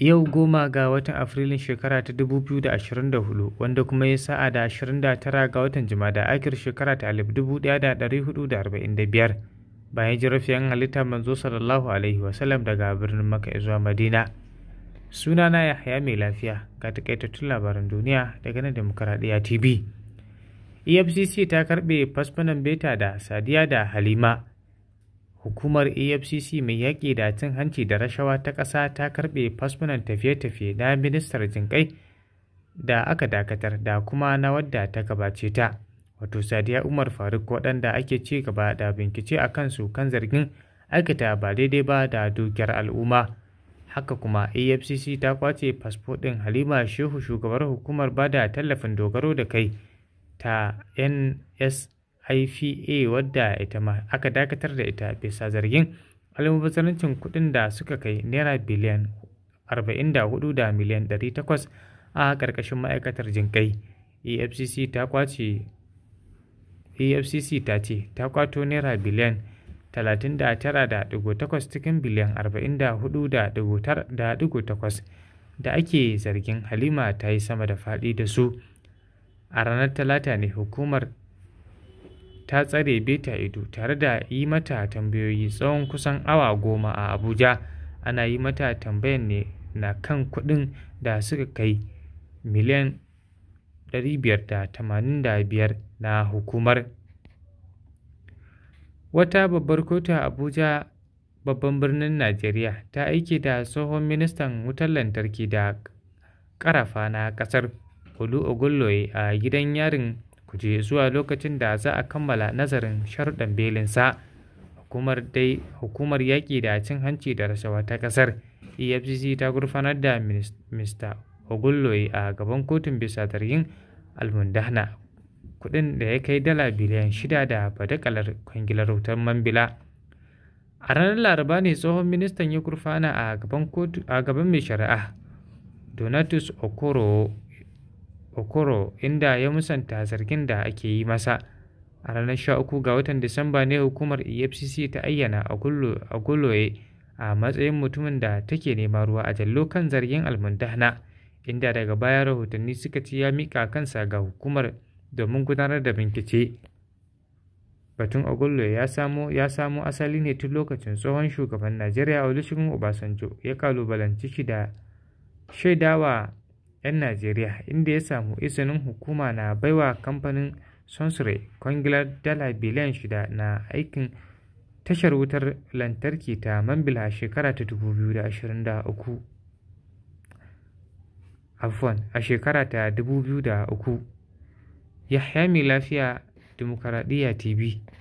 Yau goma ga watan Afrilun shekara ta 2024 wanda kuma ya sa'a da 29 ga watan da akir shekara ta 1445 bayan jirafiyan halitta manzo sallallahu alaihi wasallam daga birnin maka zuwa Madina. Sunana Yahaya mai lafiya ga takaitattun labaran duniya daga na Demokaradiyya TV. EFCC ta karbe fasfanan beta da Sadiya da Halima. Hukumar AFCC mai yaƙi da cin hanci da rashawa ta ƙasa ta karɓe fasfunan tafiye-tafiye na ministar jinƙai da aka dakatar da kuma na wadda ta gabace ta. Wato Sadiya Umar Faruk waɗanda ake ci gaba da bincike a kansu kan zargin aikata ba daidai ba da dukiyar al'umma. Haka kuma AFCC ta kwace fasfo ɗin Halima Shehu shugabar hukumar bada tallafin dogaro da kai ta NS IFA wadda ita ma aka dakatar da ita bisa zargin almubazarancin kuɗin da suka kai naira biliyan 44 da miliyan 800 a ƙarƙashin ma'aikatar jinƙai. EFCC ta kwace EFCC ta ce ta kwato naira biliyan 39.8 cikin biliyan 44.8 da ake zargin Halima ta yi sama da faɗi da su. A ranar Talata ne hukumar ta tsare beta ido tare da yi mata tambayoyi tsawon kusan awa goma a abuja ana yi mata tambayan ne na kan kuɗin da suka kai miliyan 585 na hukumar wata babbar kotu a abuja babban birnin najeriya ta aiki da tsohon ministan wutar lantarki da karafa na kasar olu ogulloye a gidan yarin kuje zuwa lokacin da za a kammala nazarin sharuɗan belinsa hukumar dai hukumar yaƙi da cin hanci da rashawa ta ƙasar efcc ta gurfanar da mr ogulloyi a gaban kotun bisa zargin almundahna kuɗin da ya kai dala biliyan shida da badakalar kwangilar wutar mambila a ranar laraba ne tsohon ministan ya gurfana a gaban mai shari'a donatus okoro okoro inda ya musanta zargin da ake yi masa a ranar 13 ga watan disamba ne hukumar efcc ta ayyana a guloye a matsayin mutumin da take nema ruwa a jallo kan zargin almundana inda daga baya rahotanni suka ci ya mika kansa ga hukumar domin gudanar da bincike batun ogullo ya samo ya samo asali ne tun lokacin tsohon shugaban najeriya olusegun obasanjo ya kalubalanci shi da shaidawa 'yan Najeriya inda ya samu izinin hukuma na baiwa kamfanin Sonsure kwangilar dala biliyan shida na aikin tashar wutar lantarki ta Mambila a shekara ta 2023. Afon a shekara ta 2003, Yahya Mai Lafiya Dimokuraɗiyya TV.